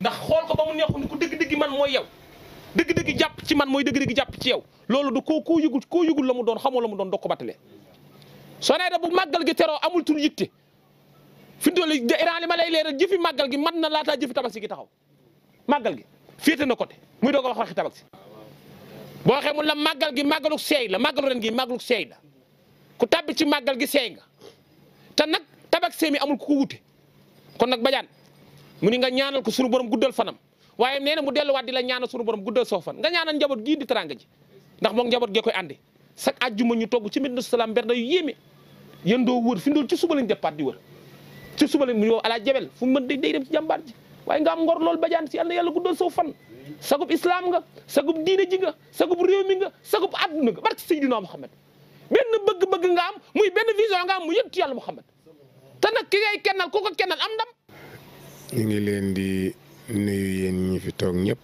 ndax xool ko ba mu neexu ni ku dëgg-dëgg man mooy yow dëgg-dëgg jàpp ci man mooy dëgg-dëgg jàpp ci yow loolu du ko koo yëgul koo la mu doon xamoo la mu doon dok ko battalee Sonaida bu màggal gi teroo amul tul yitte fi mu li ma lay leeral jëfi màggal gi man na laataa jëfi tabaski gi taxaw màggal gi féete na côté muy doog a wax waxi si boo waxee mun la màggal gi màggalu seey la màggalu ren gi màggalu seey ku tàbbi ci màggal gi seey nga te nag tabaski mi amul ku ko wute kon nag bajaan mu ni nga ñaanal ko sunu borom guddal fanam waaye nee na mu delluwaat di la ñaanal sunu borom guddal soo fan nga ñaanal njaboot gii di teranga ji ndax moom njaboot gee koy àndi chaque àjjuma ñu togg ci Medina Salaam bernde yu yéeme yéen doo wër fi ndool ci suba lañ di wër ci suba mu ñëw alaa jebel fu mu mën day dem ci jàmbaar ji waaye nga am ngor lool bajaan si yal na yàlla guddal soo fan sagub islam nga sagub diine ji nga sagub réew mi ki ngay ko kennal am ndam ñu ngi leen di nuyu yéen ñi fi toog ñëpp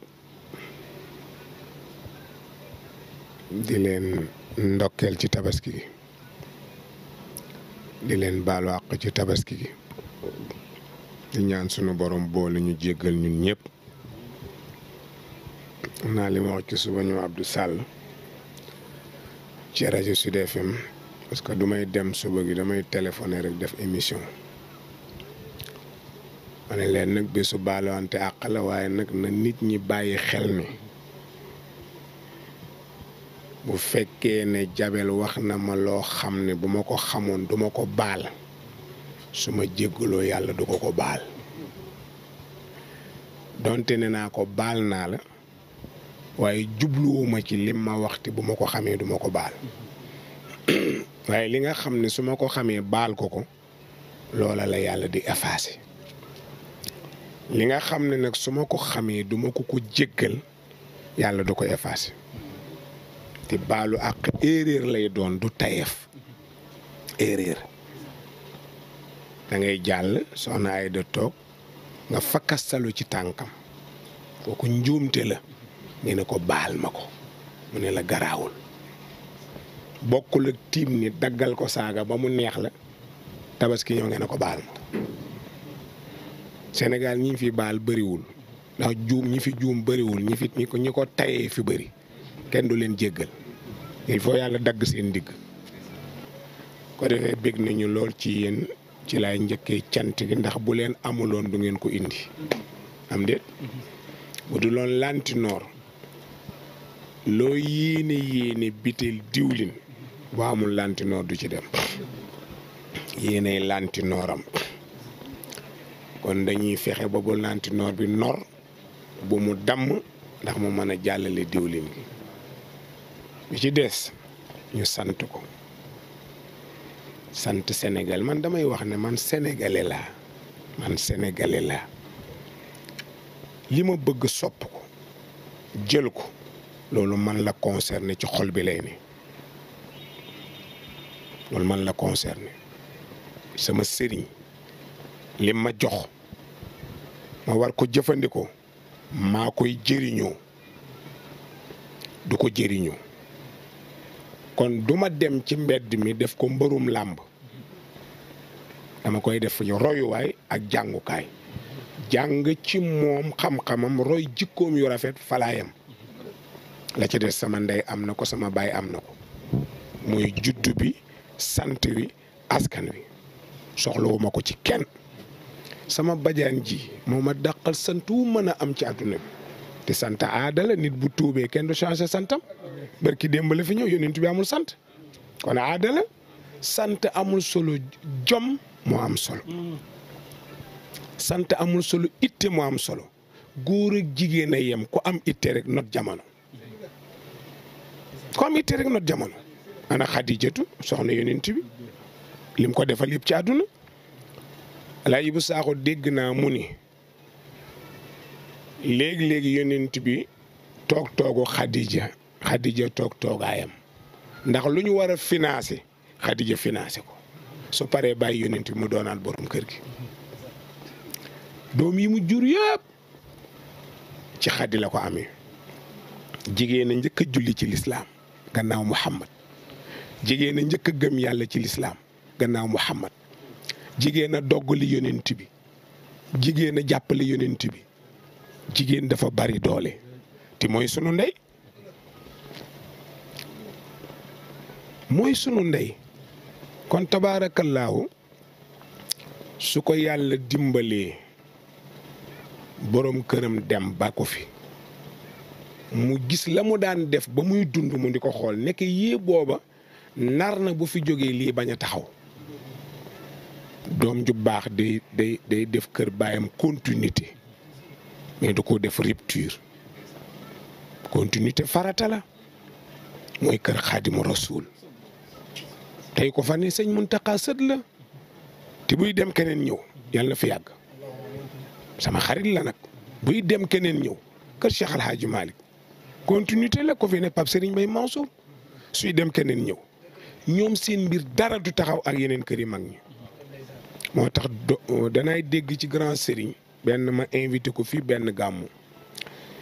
di leen ndokkeel ci tabaski gi di leen baalu àq ci tabaski gi di ñaan sunu borom boole ñu jéggal ñun ñëpp naa li ma wax ci suba ñu du sàll ci rajo Sud FM parce que du may dem suba gi damay téléphoner rek def émission ma leen nag bésu baalawante àq la waaye nag na nit ñi bàyyi xel mi bu fekkee ne jabel wax na ma loo xam ne bu ma ko xamoon duma ko baal su ma jéggaloo yàlla du ko ko baal doonte ne naa ko baal naa la waaye jubluwuma ci lim ma waxti bu ma ko xamee duma ko baal waaye li nga xam ne su ma ko xamee baal ko ko loola la yàlla di effacé li nga xam ne nag su ma ko xamee du ma ko ko jékkal yàlla du ko effacé te baalu àq erreur lay doon du tayeef erreur dangay ngay jàll soxna ay da toog nga fakkastalu ci tànkam kooku njuumte la nga ne ko baal ma ko mu ne la garaawul bokkul ak tiim ni daggal ko saaga ba mu neex la tabaski ñëw ngeen ne ko baal ma Sénégal ñi fi baal bariwul ndax juum ñi fi juum bariwul ñi fi ñi ko ñi ko tayee fi bari kenn du leen jéggal il faut yàlla dagg seen digg ko defee bég nañu lool ci yéen ci laay njëkkee cant gi ndax bu leen amuloon du ngeen ko indi am déet bu du loon lantinoor loo yéene yéene bitel diwlin bu amul lantinoor du ci dem yéenay lantinooram kon dañuy fexe ba naan noor bi noor bu mu damm ndax mu mën a jàllale diwlin gi bi ci des ñu sant ko sant senegal man damay wax ne man senegale laa man senegale laa li ma bëgg sopp ko jël ko loolu man la concerné ci xol bi lay ni loolu man la concerné sama sëriñ lim ma jox ma war ko jëfandikoo maa koy jëriñoo du ko jëriñoo kon duma dem ci mbedd mi def ko mbërum làmb dama koy def royuwaay ak jàngukaay jàng ci moom xam-xamam roy jikkoom yu rafet falaayam la ci des sama ndey am na ko sama baay am na ko muy juddu bi sant wi askan wi soxlawuma ko ci kenn sama bajaan ji moo ma dàqal sant wu mën a am ci àdduna bi te sant aada nit bu tuubee kenn du changé santam barki démb fi ñëw yonent bi amul sant kon aada sant amul solo jom moo am solo sant amul solo itte moo am solo góor ak jigéen a yem ku am itte rek not jamono ku am itte rek not jamono ana xadijatu soxna yonent bi lim ko defal yëpp ci àdduna alaaji bu saaxo dégg naa mu ni léegi-léegi yonent bi toog toogu xadija xadija toog toogaayam ndax lu ñu war a financé xadija financé ko su paree bàyyi yonent bi mu doonaat boroom kër gi doom yi mu jur yëpp ci xaddi la ko amee jigéen a njëkk julli ci lislaam gannaaw muhammad jigéen a njëkk gëm yàlla ci lislaam gannaaw muhammad jigéen a doggali yonent bi jigéen jàppale yonent bi jigéen dafa bari doole te mooy sunu ndey mooy sunu ndey kon tabaarakallaahu su ko yàlla dimbalee boroom këram dem ba ko fi mu gis la mu daan def ba muy dund mu di ko xool nekk yii booba nar na bu fi jógee lii bañ a taxaw doom ju baax day day day def kër baayam continuité mais da koo def rupture continuité farata la mooy kër xaadimu rasuul tey ko fa ne sëñ Muntaxa sët la te buy dem keneen ñëw yàlla na fi yàgg sama xarit la nag buy dem keneen ñëw kër Cheikh Al Hadj Malick continuité la ko fi ne Pape Serigne Mbaye Mansour suy dem keneen ñëw ñoom seen mbir dara du taxaw ak yeneen kër yi mag ñi. moo tax euh, danaay dégg ci grand sériñ benn ma invité ko fii benn gàmmu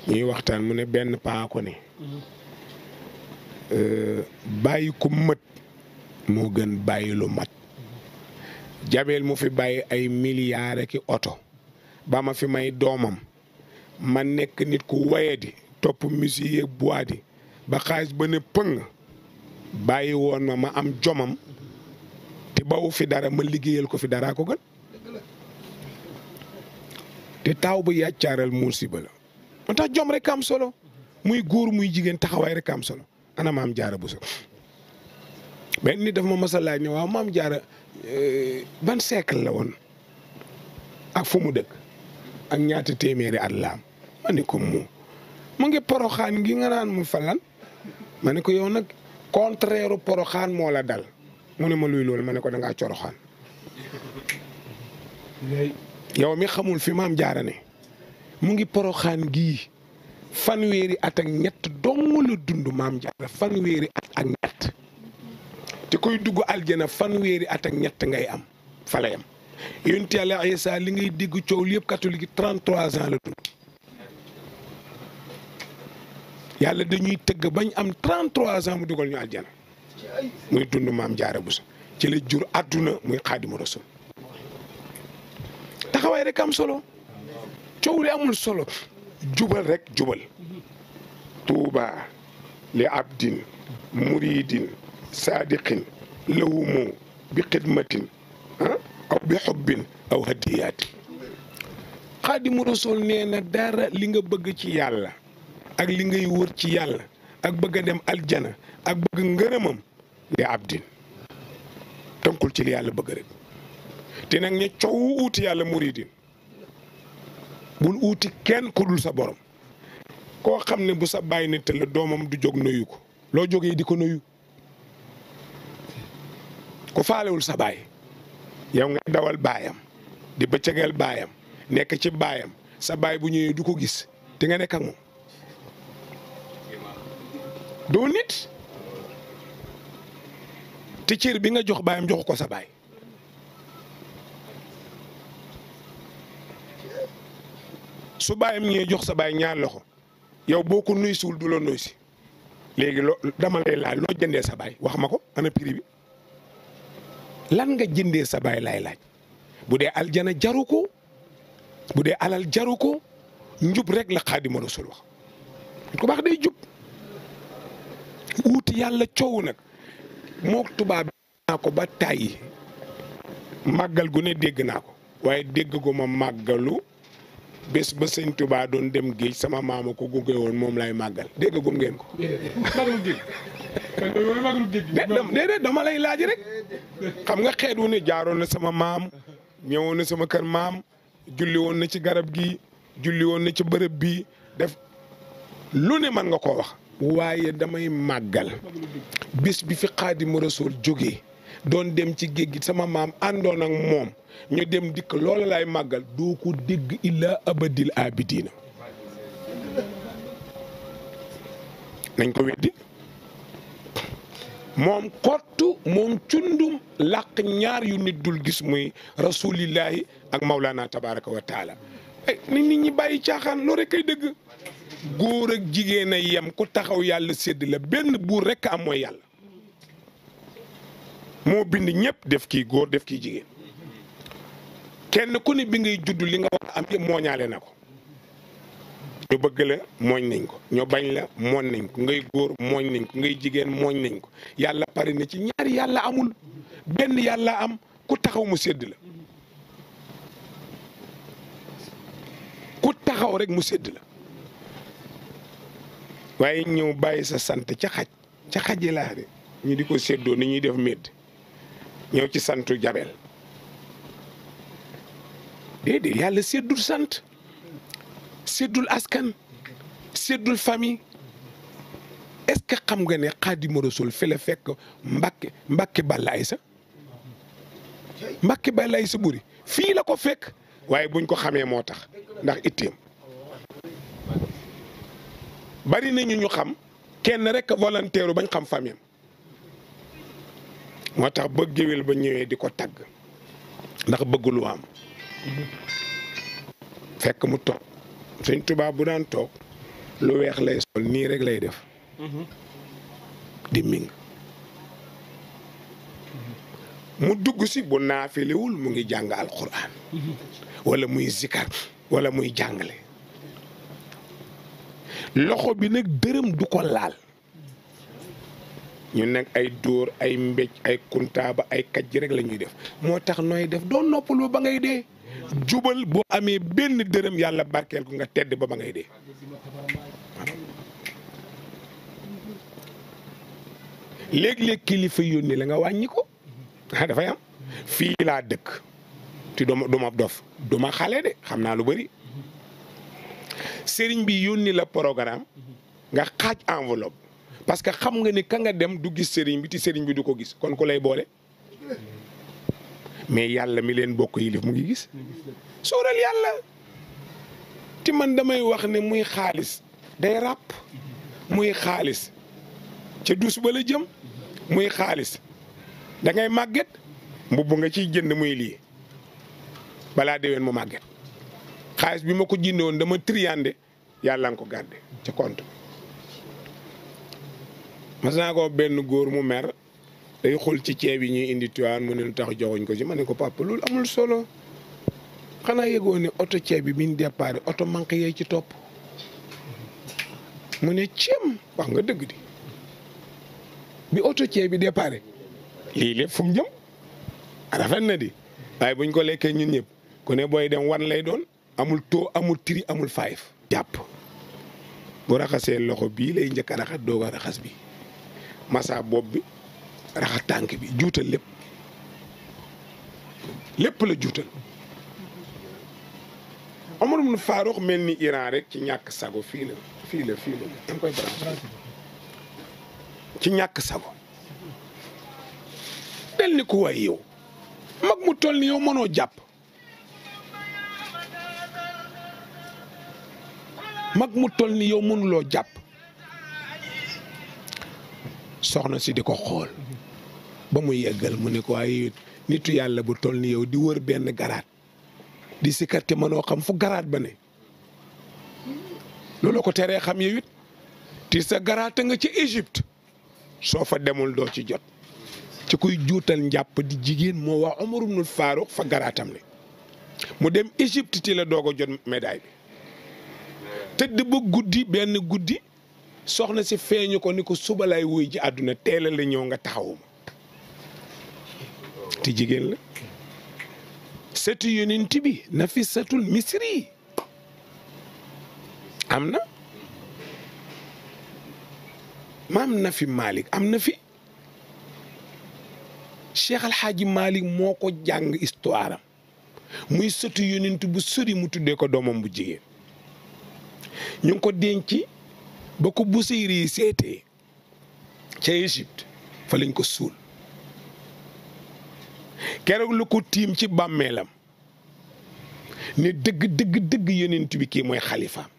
ñuy waxtaan mu ne benn paa ne euh, bàyyi ku mët moo gën bàyyi lu mat jabeel mu fi bàyyi ay milliards ak oto ba ma fi may doomam ma nekk nit ku wayadi topp musique bois di ba xaalis ba ne pëng bàyyi woon ma ma am jomam te bawu fi dara ma liggéeyal ko fi daraa ko gën te taaw ba yàccaaral musiba la moo tax jom rek am solo muy góor muy jigéen taxawaay rek am solo ana maam jaara bu so benn daf ma mas a laaj ne waaw maam eh, ban siècle la woon ak fu mu dëkk ak ñaata téeméeri at laam ma ko mu mu ngi poroxaan gi nga naan mu falan ma ne ko yow nag contraire poroxaan moo la dal mu ne ma luy loolu ma ne ko da ngaa coroxaan yow mi xamul fi maam jaara ne mu ngi poroxaan gii fanweeri at ak ñett dong la dund maam jaara fanweeri at ak ñett dugg aljana fanweeri at ak ñett ngay am fa lay am yonent Yàlla Isaa li ngay digg coow yépp yëpp catholique yi 33 la dund yàlla dañuy tëgg bañ am 33 ans mu dugal ñu aljana muy dund maam jaara buso ci la jur àdduna muy xaadimu rasul taxawaay rek am solo coow li amul solo jubal rekk jubal tuuba li abdin muridin saadiqin lawumu bi xidmatin ah, aw bi xubbin aw hadiyaati xaadimu rasul nee na dara li nga bëgg ci yàlla ak li ngay wër ci yàlla ak bëgg a dem aljana ak bëgg ngërëmam li abdin tënkul ci li yàlla bëgg rek te nag ña coow uuti yàlla muridin bul uuti kenn ku dul sa borom koo xam ne bu sa bàyyi ne tëll doomam du jóg nuyu ko loo jógee di ko nuyu ku faalewul sa baay yow nga dawal baayam di bëccëgal baayam nekk ci baayam sa baay bu ñëwee du ko gis te nga nekk ak moom doo nit te cër bi nga jox baayam joxu ko sa baay su baayam ñee jox sa baay ñaar loxo yow boo ko nuy suul du la nuy si léegi loo dama lay laaj loo jëndee sa baay wax ma ko ana prix bi lan nga jëndee sa baay laay laaj bu dee aljana jaru ko bu dee alal jaru ko njub rek la Xaadimu Rasul wax ko baax day jub wuuti yàlla coow nag moo tubaab naa ko ba tàyyi màggal gu ne dégg naa ko waaye dégg ko ma màggalu bés ba sëñ tubaa doon dem géej sama maama ko gunge moom lay màggal dégg gum ngeen ko déedéet dama lay laaj rek xam nga xeet wu ne jaaroon na sama maam ñëwoon na sama kër maam julli woon na ci garab gi julli woon na ci bërëb bi def lu ne mën nga koo wax waaye damay màggal bis bi fi xaadimu rasul jóge doon dem ci géej gi sama maam àndoon moom ñu dem dikk loola lay màggal doo ko dégg illaa abadil abidina nañ ko weddi moom kottu moom cundum làq ñaar yu nit dul gis muy rasulillahi ak maulana tabaraka wa eh, nit ñi bàyyi caaxaan loo rek kay dëgg góor ak jigéen a yem ku taxaw yàlla sedd la benn buur rekk am mooy yàlla moo bind ñépp def kii góor def kii jigéen kenn ku ne bi ngay judd li nga war a am mooñaale na ko ñu bëgg la mooñ nañ ko ñu bañ la mooñ nañ ko ngay góor mooñ nañ ko ngay jigéen mooñ nañ ko yàlla pare na ci ñaari yàlla amul benn yàlla am ku taxaw mu sedd la ku taxaw rek mu sedd la waaye ñëw bàyyi sa sant ca xaj ca xaji laa de ñu di ko séddoo ni ñuy def médd ñëw ci santu jabel déedéet yàlla séddul sant séddul askan séddul famille est-ce que xam nga ne Xaadimu Rasuul fi la fekk Mbàkke Mbàkke Balaay sa Mbàkke Balaay sa buri fii la ko fekk waaye buñ ko xamee moo tax ndax itteem bari nañu ñu xam kenn rek volontaire bañ xam famille moo tax ba géwél ba ñëwee di ko tagg ndax bëggul lu am fekk mu toog Sëñ Tuubaa bu daan toog lu weex lay sol nii rek lay def di ming mu dugg si bu naafiliwul mu ngi jàng alxuraan wala muy zikar wala muy jàngale loxo bi nag dërëm du ko laal ñu nekk ay dóor ay mbéj ay kuntaaba ay kajj rek la def moo tax nooy def doo noppalu ba ngay dee jubal boo amee benn dërëm yàlla barkeel ko nga tedd ba ba ngay dee léeg-léeg kilifa yónni la nga wàññi ko ah, dafay am fii laa dëkk te duma duma dof duma xale de xam naa lu bari sëriñ bi yónni la programme nga xaaj enveloppe parce que xam nga ni kanga dem du gis sëriñ bi te sëriñ bi du ko gis kon ku lay boole mais yàlla mi leen bokk yilif mu ngi gis sóoral yàlla te man damay wax ne muy xaalis day ràpp muy xaalis ca du ba la jëm muy xaalis da ngay màgget mbubb nga ci jënd muy lii balaa déwén mu màgget xaalis bi ma ko jëndee woon dama triandé yàlla nga ko gardé ci compte bi. mas naa ko benn góor mu mer day xool ci ceeb yi ñuy indi tuwaan mu ne lu tax joxuñ ko ci ma ne ko papa loolu amul solo xanaa yëgoo ne oto ceeb bi bi ñu oto manqué yee ci topp mu ne ceeb wax nga dëgg di bi oto ceeb bi départ lii lépp fu mu jëm rafet na di waaye buñ ko lekkee ñu ñëpp ko ne booy dem wan lay doon amul too amul tri amul five jàpp bu raxasee loxo bii lay njëkk a raxas doog a raxas bi massa bop bi raxas tànk bi juutal lépp lépp la juutal Omar ibn Farouk mel ni Iran rek ci ñàkk sago fiila fiila fii la fii la ci ñàkk sago del ni ku way yow mag mu tol ni yow mënoo jàpp mag mu toll ni yow mënuloo jàpp soxna si di ko xool ba mu yeggal mu ne ko ay nitu yàlla bu toll ni yow di wër benn garaat di sikkat te mënoo xam fu garaat ba ne loolu ko teree xam yow it ti sa garaata nga ci Égypte soo fa demul doo ci jot ci kuy juutal njàpp di jigéen moo wax Umar ibnul Faaruq fa garaatam ne mu dem Égypte ci la doog a jot médaille bi tëdd ba guddi benn guddi soxna si feeñu ko ni ko suba laay woy ji àdduna teela la ñëw nga taxawuma te jigéen la setu yonent bi Nafisatul Misri am na maam na fi Malick am na fi Cheikh Al Hadji moo ko jàng histoire muy setu yonent bu sori mu tuddee ko doomam bu jigéen ñu ngi ko denc ba ko Busiri yi seetee ca Égypte fa ko suul keroog lu ko tiim ci bàmmeelam ne dëgg dëgg dëgg yonent bi kii mooy xalifaam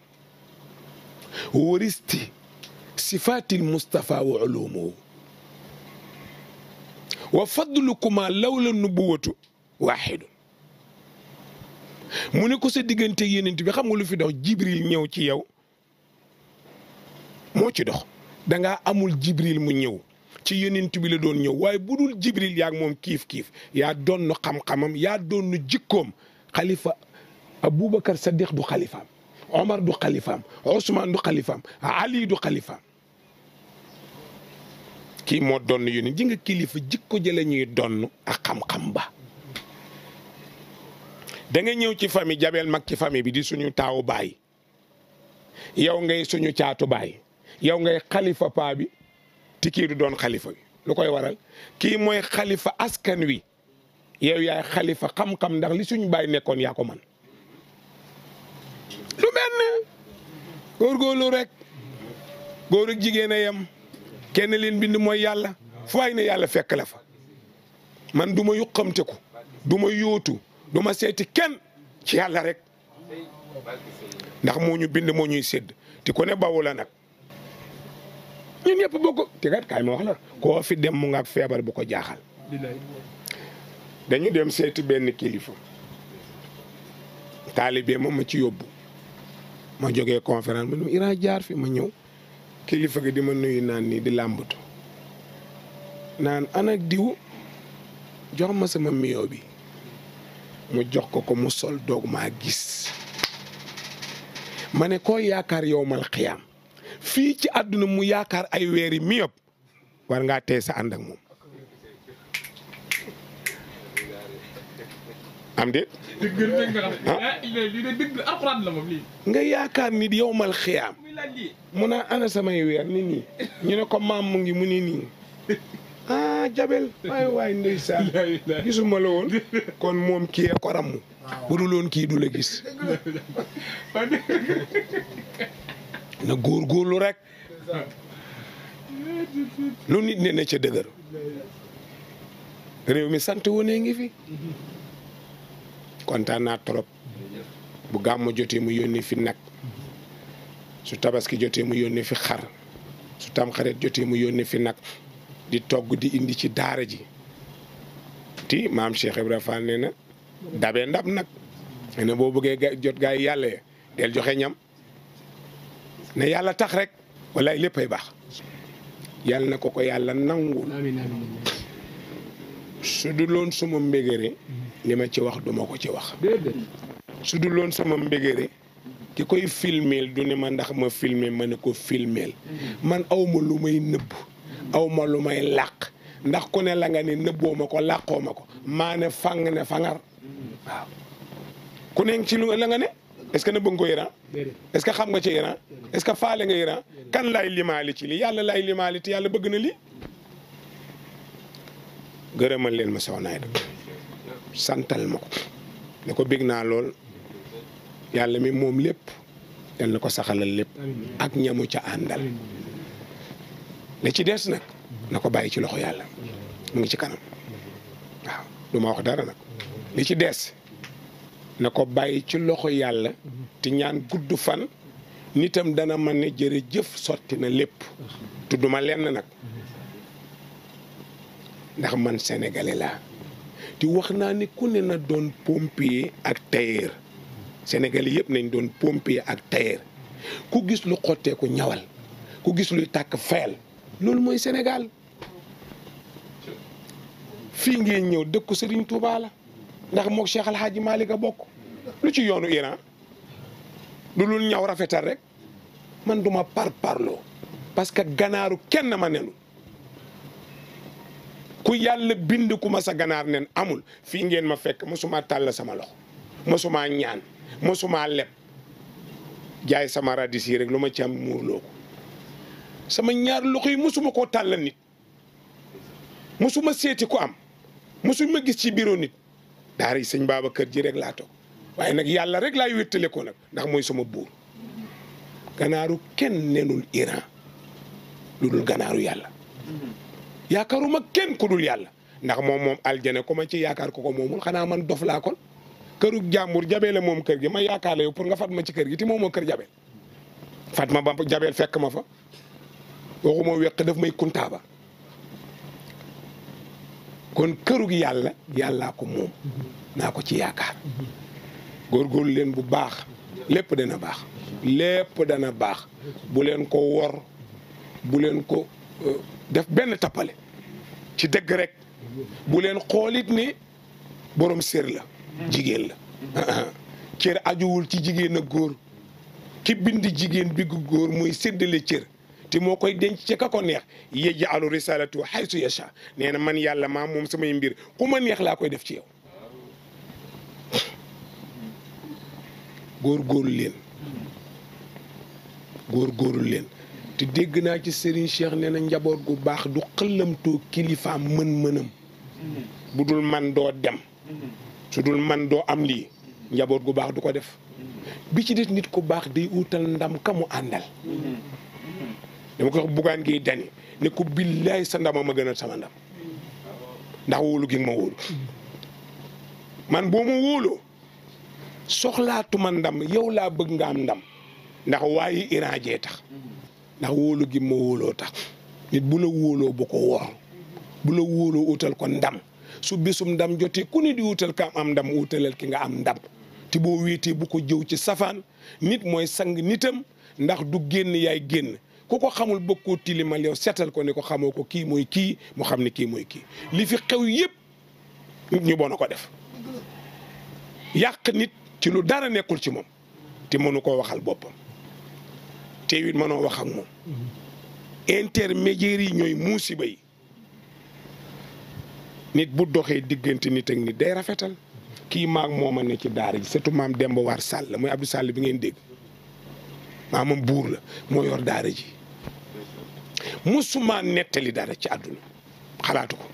waristi sifaatil Mustafa wa ulumuhu wa fadlukuma lawla nubuwatu waaxidu mu ne ko sa diggante yonent bi xam nga lu fi dox jibril ñëw ci yow moo ci dox danga amul jibril mu ñëw ci yonent bi la doon ñëw waaye bu dul jibril yaa moom kiif kiif yaa doon nu xam yaa doon jikkoom xalifa Aboubacar Sadiq du xalifaam Omar du xalifaam Ousmane du xalifaam Ali du xalifaam kii moo doon yonent ji nga kilifa jikko jële ñuy doon ak xam-xam ba da ñëw ci famille jabel mag ci famille bi di suñu taawu baay yow ngay suñu caatu baay yow ngay xalifa paa bi ti kii du doon xalifa bi lu koy waral kii mooy xalifa askan wi yow yaay xalifa xam-xam ndax li suñu baay nekkoon yaa ko man lu benn góorgóorlu rek góor ak jigéen a yem kenn leen bind mooy yàlla fu waay ne yàlla fekk la fa man du ma yuqamte ko du du ma seeti kenn ci yàlla rek ndax moo ñu bind moo ñuy sédd te ku ne bawu la nag ñun ñëpp bokk te kat kaay ma wax koo fi dem mu nga ak feebar bu ko jaaxal dañu dem seeti benn kilifa taalibe ma ma ci yóbbu ma jógee conférence ma nu Iran jaar fi ma ñëw kilifa gi di ma nuyu naan nii di làmbatu naan anak diw jox ma sama miyoo bi mu jox ko ko mu sol doog maa gis ma ne koo yaakaar yowmal xiyaam fii ci àdduna mu yaakaar ay weeri mi yëpp war ngaa tey sa ànd ak moom am déet nga yaakaar nit yowmal xiyaam mu naa ana samay weer ni nii ñu ne ko maam mu ngi mu ni nii naa jabel waay ndeysaan gisuma la woon kon moom kii ko ramu bu dul woon kii du la gis na góorgóorlu rek lu nit ne ne ca dëgër réew mi sant wonee ngi fi kontaan naa trop bu gàmmu jotee mu yónni fi nag su tabaski jotee mu yónni fi xar su tamxarit jotee mu yónni fi nag di togg di indi ci daara ji ti maam Cheikh Ibra Fall nee na dabee ndab nag nee na boo bëggee jot gaay yàlla ya del joxe ñam ne yàlla tax rek walaay léppay baax yàlla na ko ko yàlla nangul su loon suma mbégére li ma ci wax duma ko ci wax su loon sama mbégére ki koy filmeel du ne ma ndax ma filmeel ma ne ko filmeel mm-hmm. man awma lu may nëbb aw ma lu may làq ndax ku ne la nga ne nëbboo ma ko làqoo ma ko maa ne fang ne fangar ku ne ci lu la nga ne est-ce que nëbb nga ko Iran est-ce que xam nga ci Iran est-ce que faale nga Iran kan lay limaali ci li yàlla lay limaali te yàlla bëgg na li gërëmal leen ma soxna Aida santal ma ko ne ko bég naa lool yàlla mi moom lépp yal na ko saxalal lépp ak ñamu ca àndal li ci des nag na ko bàyyi ci loxo yàlla mu ngi ci kanam waaw duma ma wax dara nag li ci des na ko bàyyi ci loxo yàlla te ñaan gudd fan nitam dana mën ne jëf sotti na lépp duma lenn nag ndax man sénégalais laa te wax naa ni ku ne na doon pompier ak tailleur sénégalais yëpp nañ doon pompier ak tailleur ku gis lu xotteeku ñawal ku gis luy tàkk fayal loolu mooy Sénégal fii ngeen ñëw dëkku Serigne Touba la ndax moog Cheikh Al Hadj a bokk lu ci yoonu Iran du lu ñaw rafetal rek man duma parparloo parce que ganaaru kenn ma nenu ku yàlla bind ku ma sa ganaar nen amul fii ngeen ma fekk mosuma tàll sama loxo mosuma ñaan mosuma leb jaay sama radis rek lu ma ci am muurloo ko sama ñaar loxo yi mosuma koo tàllal nit mosuma seeti ko am ma gis ci bureau nit daara yi sëñ Babacar ji rek laa toog waaye nag yàlla rek laay wéttale ko nag ndax mooy sama buur ganaaru kenn nenul Iran lu dul ganaaru yàlla ma kenn ku dul yàlla ndax moom moom aljana ko ma ci yaakaar ko ko moomul xanaa man dof kon këru jàmbur jabee la moom kër gi ma yaakaar pour nga fat ma ci kër gi te moomoo kër jabeel fat ma ba jabeel fekk ma fa waxuma weq daf may kuntaaba kon kërug yàlla yàllaa ko moom naa ko ci yaakaar góorgóorlu leen bu baax lépp dana baax lépp dana baax bu leen ko wor bu leen ko euh, def benn tappale ci dëgg rek bu leen xoolit ni boroom sér la jigéen la cër ajuwul ci jigéen ak góor ki bind jigéen bi góor muy séddale cër ti moo koy denc ci ka ko neex yaj'alu risalatu haythu yasha nee na man yàlla maa moom samay mbir ku ma neex laa koy def ci góor góorgóorlu leen góorgóorlu leen te dégg naa ci Serigne Cheikh nee na njaboot gu baax du xëlamtoo kilifaam mën-mënam bu dul man doo dem su dul man doo am lii njaboot gu baax du ko def bi ci des nit ku baax day uutal ndam ka mu àndal dama ko wax bugaan gi dani ne ko billaay sa ndama ma gënal sama ndam ndax wóolu gi ma wóolu man boo ma wóoloo soxlaatuma ndam yow laa bëgg nga am ndam ndax waaye Iran jee tax ndax wóolu gi ma wóoloo tax nit bu la bu ko wor bu la wóoloo utal ko ndam su bésum ndam jote ku ne di utal ka am ndam utalal ki nga am ndam te boo wéetee bu ko jëw ci safaan nit mooy sang nitam ndax du génn yaay génn ku ko xamul bëgg koo tilimal yow seetal ko ni ko xamoo ko kii mooy kii moo xam ni kii mooy kii li fi xew yépp ñu bon a ko def yàq nit ci lu dara nekkul ci moom te mënu koo waxal boppam te it mënoo wax ak moom intermédiaire yi ñooy muusiba yi nit bu doxee diggante nit ak nit day rafetal kii maag mooma ne ci daara ji surtout maam Demba War Sall mooy Abdou Sall bi ngeen dégg maamam buur la moo yor daara ji musuma nettali dara ci àdduna xalaatu ko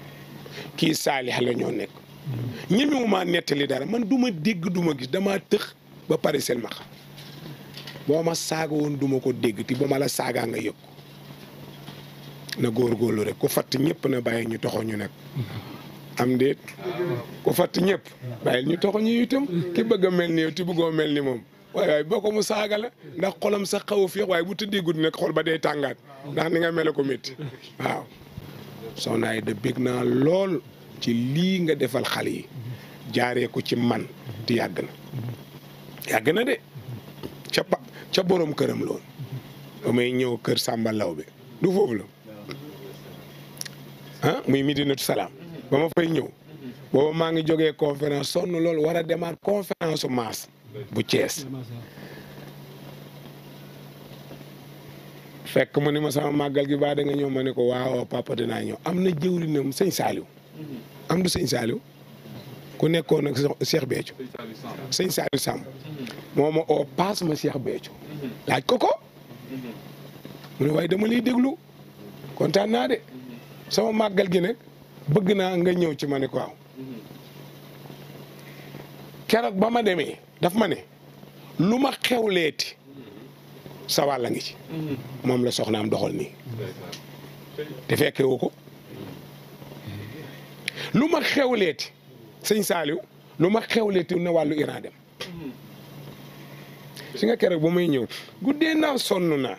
kii saalix la ñoo nekk ñemewuma nettali dara man du ma dégg duma gis damaa tëx ba pare selmax ma boo ma saaga woon duma ko dégg te ba ma la saagaa nga yëg na góor góorlu rek ku fatt ñëpp na bàyyi ñu toxo ñu nag am déet ku fatt ñëpp bàyyi ñu toxo ñu itam ki bëgg a mel ni yow ti bëggoo mel ni moom waaye waaye boo ko mu saaga la ndax xolam sax xaw a waaye bu tëddee guddi nag xol ba dee tàngaat ndax ni nga mel ko métti waaw. soxna Aida bég naa lool ci lii nga defal xale yi jaaree ko ci man te yàgg na yàgg na de ca pa ca borom këram lool ba may ñëw kër Samba Law bi du foofu la ah muy Midinatu Salaam ba ma fay ñëw booba maa ngi jógee conférence sonn lool war a demaat conférence su maas bu Thiès fekk mu ni ma sama màggal gi baa da ñëw ma ne ko waaw papa dinaa ñëw am na jëwrinam sëñ Saaliw am du sëñ Saaliw ku nekkoon ak Cheikh Béthio sëñ Saaliw Samb moo ma paas ma Cheikh Béthio laaj ko ko mu ne waaye dama lay déglu kontaan naa de sama màggal gi nag bëgg naa nga ñëw ci ma ne ko waaw keroog ba ma demee daf ma ne lu ma xewleeti sa wàll ngi ci. moom la soxnaam doxal nii. te fekke wu ko lu ma xewleeti sëñ Saliou lu ma xewleeti na wàllu Iran dem. si nga keroog ba may ñëw guddee naa sonn naa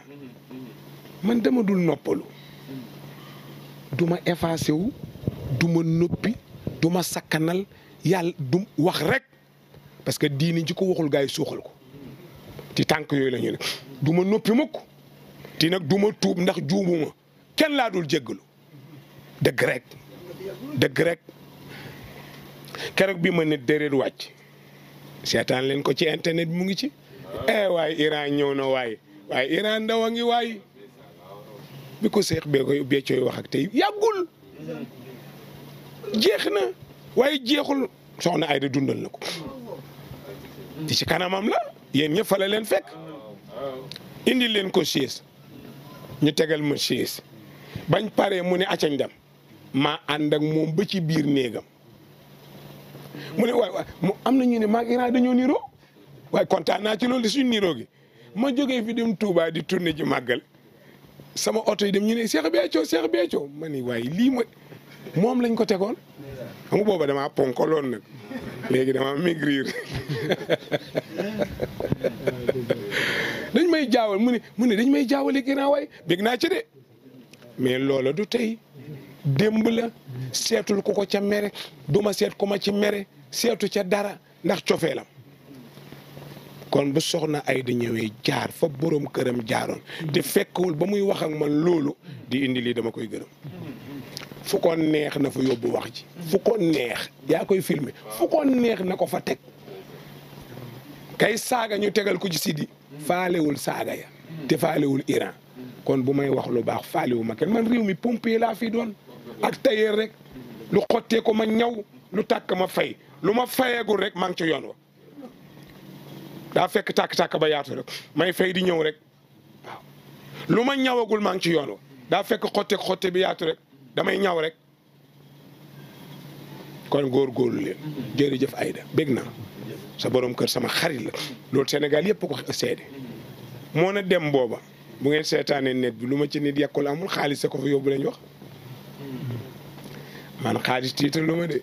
man dama dul noppalu duma ma effacé wu du noppi du sakkanal yàlla du wax rek. parce que diini jikko ko waxul gars yi suuxal ko ci tànk yooyu la ñu ne du ma noppi mukk ti nag du ma tuub ndax juumuma kenn laa dul jéggalu dëgg rek dëgg keroog bi ma ne déréet wàcc seetaan leen ko ci internet mu ngi ci eh waaye Iran ñëw na waaye waaye Iran ndaw a ngi waaye bi ko seex bee koy bee cooy wax ak yàggul jeex na waaye jeexul soxna Ayda dundal na ko di ci kanamam la yéen ñëpp fa la leen fekk leen ko siis ñu tegal ma siis bañ paree mu ne acañ dem ma ànd mu moom ba ci biir néegam mu ne waay mu am na ñu ne maa Iran dañoo niroo waaye kontaan naa ci loolu di suñu niroo gi ma jógee fi dem Touba di tourné ji màggal sama oto yi dem ñu ne Cheikh Béthio Cheikh Béthio ma waaye lii ma moom lañ ko tegoon xam nga booba damaa ponkoloon nag léegi damaa maigrir dañ may jaawal mu ne mu ne dañ may jaawale ginnaaw waay bég naa ci de mais loola du tey démb la seetul ku ko ca mere du ma seet ku ma ci mere seetu ca dara ndax cofeelam kon bu soxna ay di ñëwee jaar fa borom këram jaaroon te fekkul ba muy wax ak man loolu di indi lii dama koy gërëm fu ko neex na fa yóbbu wax ji fu ko neex yaa koy filmer fu ko neex na ko fa teg kay saaga ñu tegal ko ci Sidi faalewul saaga ya te faalewul Iran kon bu may wax lu baax faalewu ma kenn man réew mi pompier laa fi doon ak tailleur rek lu xotteeku ko ma ñaw lu tàkk ma fay lu ma fayeegul rek maa ngi ci yoon wa daa fekk tàkk-tàkk ba yaatu rek may fay di ñëw rek lu ma ñawagul maa ngi ci yoon wa daa fekk xotte xotte bi yaatu rek damay ñaw rek kon góor-góorlu leen. jërëjëf Aida bég na sa borom kër sama xarit la loolu Sénégal yëpp ko seede moo na dem booba bu ngeen seetaanee net bi lu ma ci nit yekkul amul xaalis sa ko fa yóbbu lañ wax man xaalis tiitalu ma de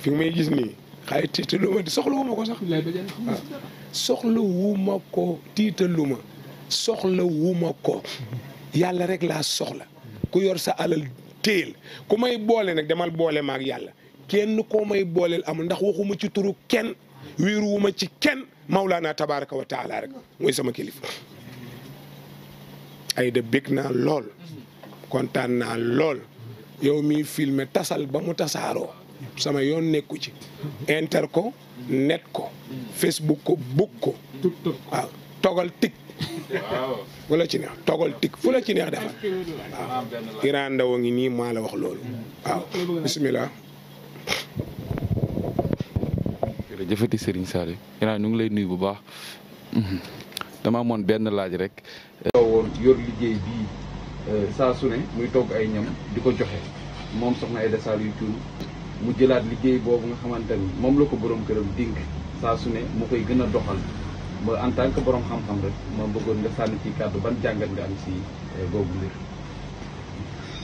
fi may gis nii xaalis tiitalu ma de soxlawu ko sax. waaw soxla ma ko tiitalu ma soxlawu ma ko yàlla rek laa soxla ku yor sa alal. téel ku may boole nag demal boole maag yàlla kenn koo may booleel amul ndax waxuma ci turu kenn wuma ci kenn mawlaana tabaraka wa taala rek mooy sama kilifa ay da bég naa lool kontaan naa lool yow mi filmé tasal ba mu tasaaroo sama yoon nekku ci inter ko net ko facebook ko buk ko waaw tik fu la ci neex togal tik fu la ci neex defal waaw Iran Ndao a ngi nii maa la wax loolu waaw bisimilah. jëfati Serigne Saliou Iran ñu ngi lay nuyu bu baax dama amoon benn laaj rek. woon yor liggéey bii euh, saa su ne muy togg ay ñam di ko joxe moom soxna Aïda yu Thioune mu jëlaat liggéey boobu nga xamante ni moom la ko borom këram dénk saa su ne mu koy gën a doxal. ma en tant que borom xam-xam rek ma bëggoon nga sànni ci kàddu ban jàngat nga am si euh, boobu mbir.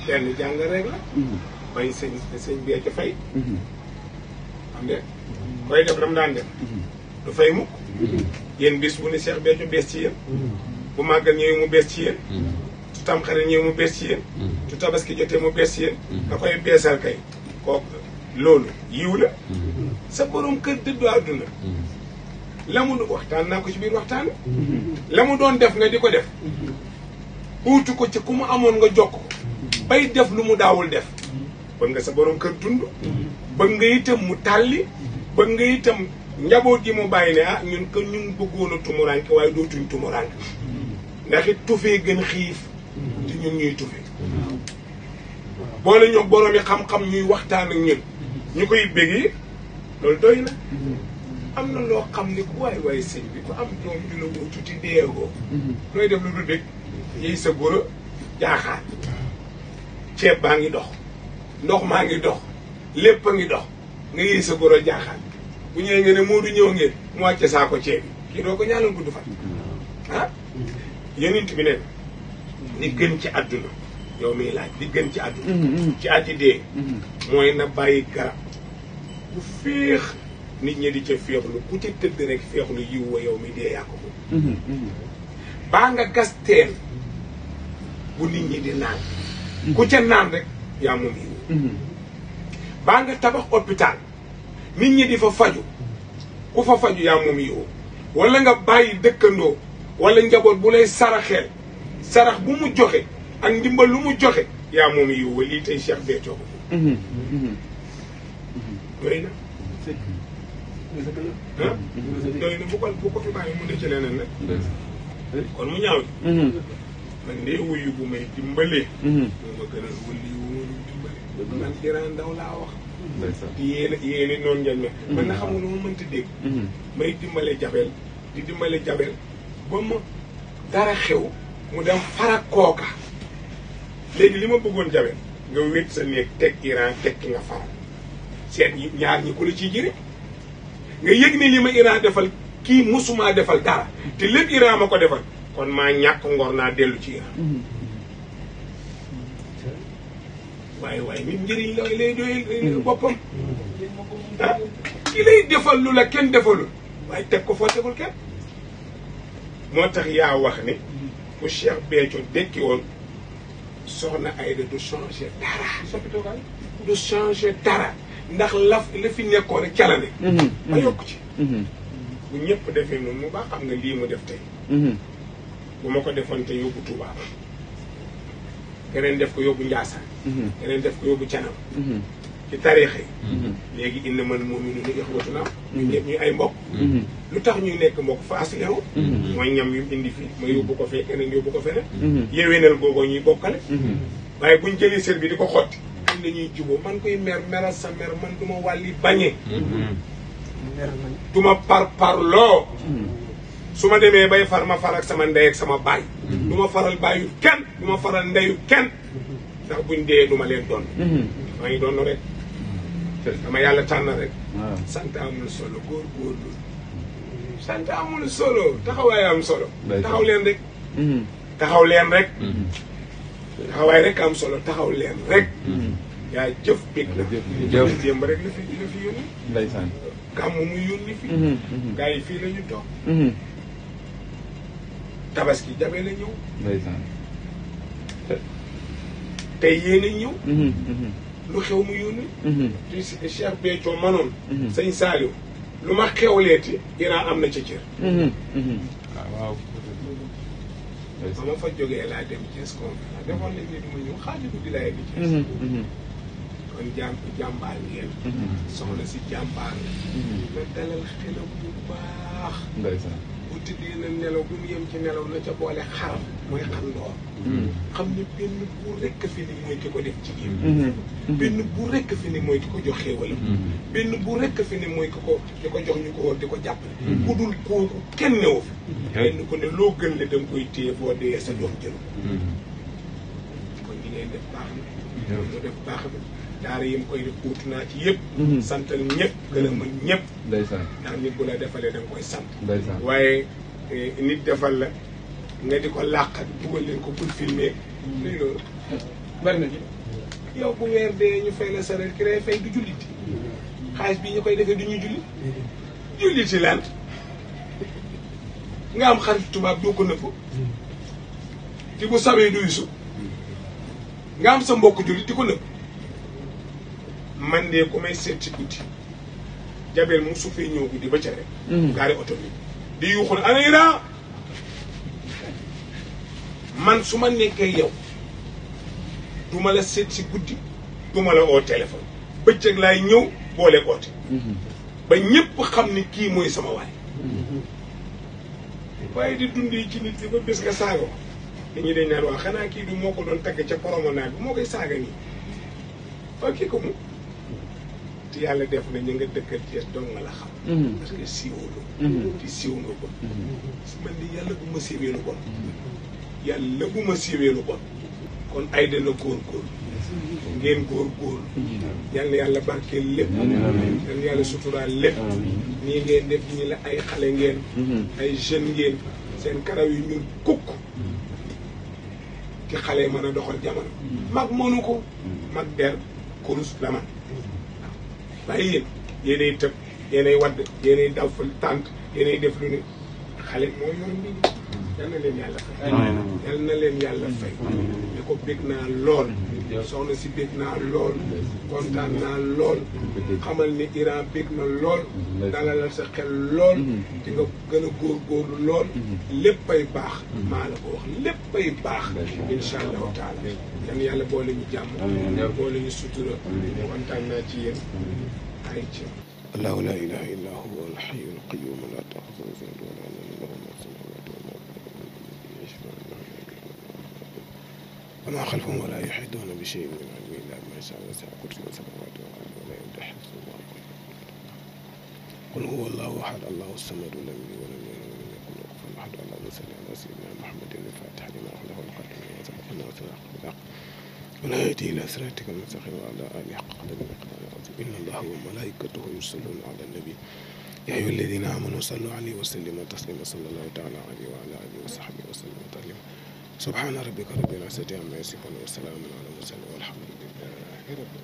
benn jàngat rek la. mooy mhm. sëñ sëñ bi ci fay. xam mhm. nga koy def dam daan def. Mhm. du mukk yéen bis bu ne Cheikh Béthio bees ci yéen. bu màggal ñëwee mu bees ci yéen. su tam xarit mu bees ci yéen. su tabaski jotee mu bees ci yéen. da koy beesal kay. kooku loolu yiw la. sa borom kër dëddu àdduna. la mu waxtaan naa ko ci biir waxtaan la mu doon def nga di ko def uutu ko ci ku mu amoon nga jokk ko bay def lu mu daawul def bëgg nga sa borom kër dund bëgg nga itam mu tàlli bëgg nga itam njaboot yi mu bàyyi ne ah ñun que ñun bëggoon tumuraanke waaye dootuñ tumuraanke ndax it tufee gën xiif te ñun ñuy tufe boole ñoom borom xam-xam ñuy waxtaan ak ñun ñu koy bëggee loolu doy na am na loo xam ni ku waay waay sëñ bi ku am doom ju la woo tuuti deewoo. looy def lu dul dëkk yéy sa góor a jaaxaar ceeb baa ngi dox ndox maa ngi dox lépp a ngi dox nga yéy sa góor a moo du ñëw ngeen mu wàcce saa ko ceeb yi kii doo ko ñaanal gudd fan ah gën ci àdduna yow miy laaj li gën ci àdduna ci àddi dee mm-hmm. mooy na bàyyi garab bu nit ñi di ca féexlu ku ca tëdd rek féexlu yiw wa yow mi dee yàq ko mhm, mhm. baa nga gas teen bu nit ñi di naan ku ca naan rek yaa moom yiw mhm. baa nga tabax hôpital nit ñi di fa faju ku fa faju yaa moom yiw wala nga bàyyi dëkkandoo wala njaboot bu lay saraxeel sarax bu mu joxe ak ndimbal lu mu joxe yaa moom yiw wa lii tey Cheikh Béthio ko doy doy na bu ko bu ko fi bàyyi mu ne ci nag kon mu ñaaw man de wuyu bu may dimbalee moo ma gën a wëlli wu dimbalee man Iran Ndao laa wax te yéen yéen noonu ngeen ma man na xam ma mënti dégg may dimbale jabel di dimbale jabel ba mu dara xew mu dem fara kooka léegi li ma bëggoon jabel nga wét sa néeg teg Iran teg ki nga fara seet ñaar ñi ku la ciy nga yëg ni li ma Iran defal kii musumaa defal dara te lépp Iran ma ko defal kon maa ñàkk ngor naa dellu ci Iran waaye waaye nit njëriñ la lay doyal boppam ah ki lay defal lu la kenn defalul waaye teg ko foo kenn moo tax yaa wax ne bu Cheikh Béthio dekki woon soxna Aïda du changer dara du changer dara ndax laf la fi nekkoon rek ca la ne mhm. Mhm. ba yokk ci mhm. bu ñëpp defee noonu mu baax xam nga lii mu def tey bu ma ko defoon tey yóbbu Touba keneen def ko yóbbu Ndiassane keneen def ko yóbbu Canam ci tariix yi léegi inna man moom yi nu nu ixwatuna ñu ñëpp ñu ay mbokk lu tax ñu nekk mbokk faas leew mooy ñam yu indi fi ma yóbbu ko fee keneen yóbbu ko feneen yéwénal googoo ñuy bokkale waaye buñ jëlee sër bi di ko xotti ñuy juboo man koy mer meral sa mer man du ma wàlli bañe du ma par parloo su ma demee bay far ma far ak sama ndey ak sama baay du ma faral bàyyi kenn du ma faral ndeyu kenn ndax buñ dee du ma leen doon maa ngi doon rek dama yàlla tànn rek sant amul solo góor góorlu sant amul solo taxawaay am solo leen rek taxaw leen rek mhm. mhm. taxawaay rek am solo taxaw leen rek yaa jëf bég na jëf démb rek la fi la fi yónni ndeysaan gàmm mu yónni fi mhm, mhm. gars yi fii la ñu toog mhm. tabaski jabe la ñëw ndeysaan tey yéen a ñëw lu xew mu yónni ci Cheikh Béthio manoon sëñ Saliou lu ma xewleeti Iran am na ca cër ah, waaw waaw ma fa jógee laa defoon nañ ne duma ñëw xaajatu bilaay bi ci mhm, mhm. kon jàmm jàmbaar ngeen mhm. soxna si jàmbaar la dalal xelam bu baax bu tëddee na nelaw bu mu yem ci nelaw na ca boole xaram mooy xam ne benn buur rekk fi ni mooy ki ko def jigéen benn buur rekk fi ni mooy ki ko jox xéewalam benn buur rekk fi ni mooy ki ko di ko jox ñu ko war di ko jàppale bu dul kooku kenn newu benn ko ne loo gën ne danga koy téye boo dee sa doom jëlu def baax na mu def baax na daara yi mu koy def uutu naa ci yëpp mhm. santal ñëpp gën a mën ñëpp ndax nit bu la defalee da nga koy sant ndeysaan waaye eh, nit defal la nga di ko làq dugal leen ko pour filmer mhm. luy loolu bari na ci yow bu weer dee ñu fay la sareet ki lay fay du jullit mhm. xaalis bi ñu koy defee du ñuy julli jullit si lan nga am xarit tubaab doo ko nëbb te bu sawee du yusu nga am sa mbokk jullit di ko nëbb man de ku may seet ci guddi jabeel mu su ñëw guddi ba ca rek mhm. gaari oto bi di yuuxul ana Ira man su ma nekkee yow du ma la seet si guddi du ma la oo téléphone bëccëg laay ñëw boole oote mhm. ba ñépp xam ni kii mooy sama waay mhm. waaye di dundee ci nit ñi ba bés nga saago dañu ñi dañ naan waa xanaa kii du moo ko doon tagg ca promenade bi moo koy saaga nii fakkii ko mu te yàlla defu na ñu nga dëkkal Thiès dong nga la xam mm-hmm. parce que siiwulu mm-hmm. te siiw nga bon mm-hmm. man ni yàlla bu ma siiwee lu bon yàlla bu ma siiwee lu ay dana góorgóorlu ngeen góorgóorlu yal na yàlla barkeel lépp yal na yàlla suturaal nii ngeen def ñi la ay xale ngeen ay jeune ngeen seen karaw yi ñun kukk xale mën a doxal jamono mag mënu ko mag der kurus la man waaye yéen yéenay tëb yéenay wadd yéenay dal tànt yéenay def lu ne xale mooy yor mbir yal na leen yàlla fay yal ko bég naa lool soxna si bég naa lool kontaan naa lool xamal ni Iran bég na lool dalalal sa xel lool di nga gën a góorgóorlu lool léppay baax maa la ko wax léppay baax incha allahu taala yan yàlla boole ñu jàmm boole ñu sutura kontaan naa ci yéen ay ci allahu la ilaha illa huwa alhayyul qayyum la ta'khudhuhu sinatun wa la nawm وما خلفهم ولا يحيطون بشيء من علمه إلا بما شاء وسع كرسيه السماوات والأرض ولا يؤوده حفظهما قل هو الله أحد الله الصمد لم يلد ولم يولد ولم يكن له كفوا أحد اللهم صل على سيدنا محمد الفاتح لما أغلق والخاتم لما سبق الناس الحق ونهيتي إلى صراطك المستقيم وعلى آله حق قدر ومقدار العظيم إن الله وملائكته يصلون على النبي يا أيها الذين آمنوا صلوا عليه وسلموا تسليما صلى الله تعالى عليه وعلى آله وصحبه وسلم تسليما subhaana rabbika rabbil izzati amma yasifuun wa salaamun alal mursaliin walhamdulillahi rabbil